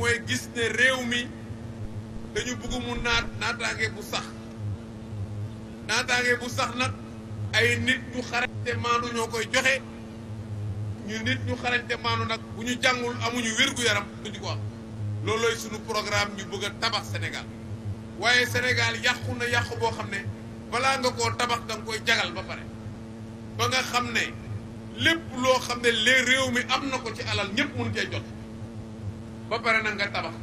mooy gis ne réew mi dañu bëgg mu naat naataange bu sax naataange bu sax nag ay nit ñu xarañte maanu ñoo koy joxe ñu nit ñu xarañte maanu nag bu ñu jàngul amuñu wér-gu-yaram duñu ko am loolooy suñu programme ñu bëgg a tabax senegal waaye senegal yàqu na yàqu boo xam ne balaa nga koo tabax danga koy jagal ba pare ba nga xam ne lépp loo xam ne les réew mi am na ko ci alal ñëpp mun cee ba pare na nga tabax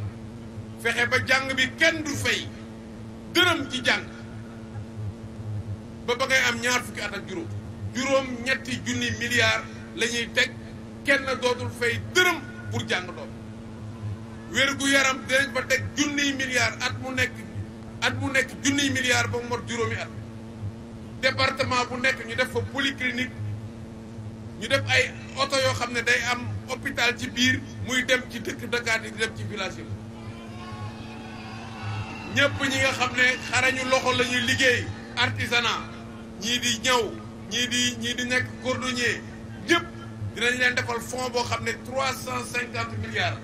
fexe ba jàng bi kenn du fay dërëm ci jàng ba ba ngay am ñaar fukki at ak juróom juróom ñetti junni milliards la teg kenn dootul fay dërëm pour jàng doom wér gu yaram dinañ fa teg junniy milliards at mu nekk at mu nekk junniy milliards ba mu mot juróomi at département bu nekk ñu def fa polyclinique ñu def ay oto yoo xam ne day am hôpital ci biir muy dem ci dëkk Dakar di dem ci village yi ñëpp ñi nga xam ne xarañu loxo lañuy liggéey artisanat ñii di ñaw ñii di ñii di nekk cordonnier ñëpp dinañ leen defal fonds boo xam ne trois cent cinquante milliards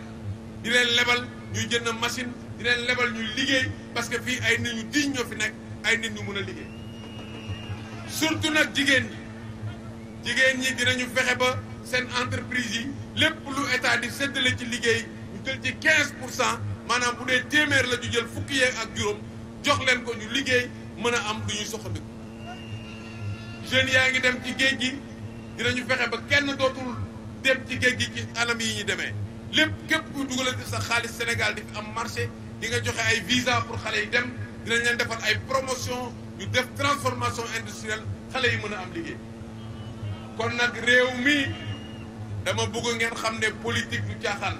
di lebal ñuy jën machine di lebal ñuy liggéey parce que fii ay nit ñu diñ ñoo fi nekk ay nit ñu mën a liggéey surtout nag jigéen ñi jigéen ñi dinañu fexe ba seen entreprise yi lépp lu état di séddale ci liggéey ñu jël ci cent maanaam bu dee téeméer la ñu jël fukki yeeg ak juróom jox leen ko ñu liggéey mën a am du ñuy soxandiku. jeunes yaa ngi dem ci géej gi dinañu fexe ba kenn dootul dem ci géej gi ci anam yi ñu demee lépp képp kuy dugalati sax xaalis Sénégal di fi am marché di nga joxe ay visa pour xale yi dem dinañ leen defal ay promotion ñu def transformation industrielle xale yi mën a am liggéey. kon nag réew mi dama bëgg ngeen xam ne politik du caaxaan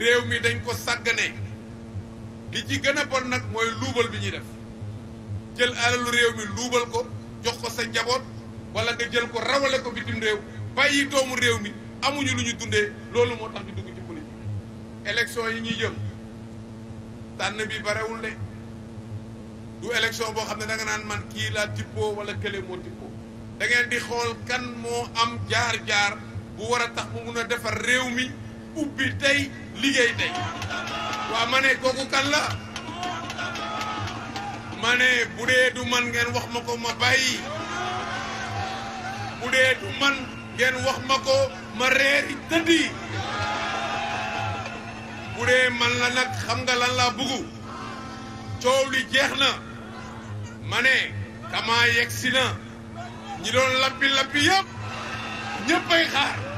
réew mi dañ ko sàggane li ci gën a bon nag mooy luubal bi ñuy def jël alalu réew mi luubal ko jox ko sa njaboot wala da jël ko rawale ko bitim réew bàyyi doomu réew mi amuñu lu ñu dundee loolu moo tax ñu dugg ci politique élection yi ñuy jëm tànn bi barewul de du élection boo xam ne da naan man kii laa tippoo wala kële moo da ngeen di xool kan moo am jaar-jaar bu war tax mu mun a defar réew mi ubbi tey liggéey tey waa ma ne kan la ma ne bu dee du man ngeen wax ma ko ma bàyyi bu dee du man ngeen wax ma ko ma reeri tëddi bu dee man la nag xam nga lan la bëgg coow li jeex na ma ne kamaa si na ñi doon labbi labbi yëpp ñëppay xaar.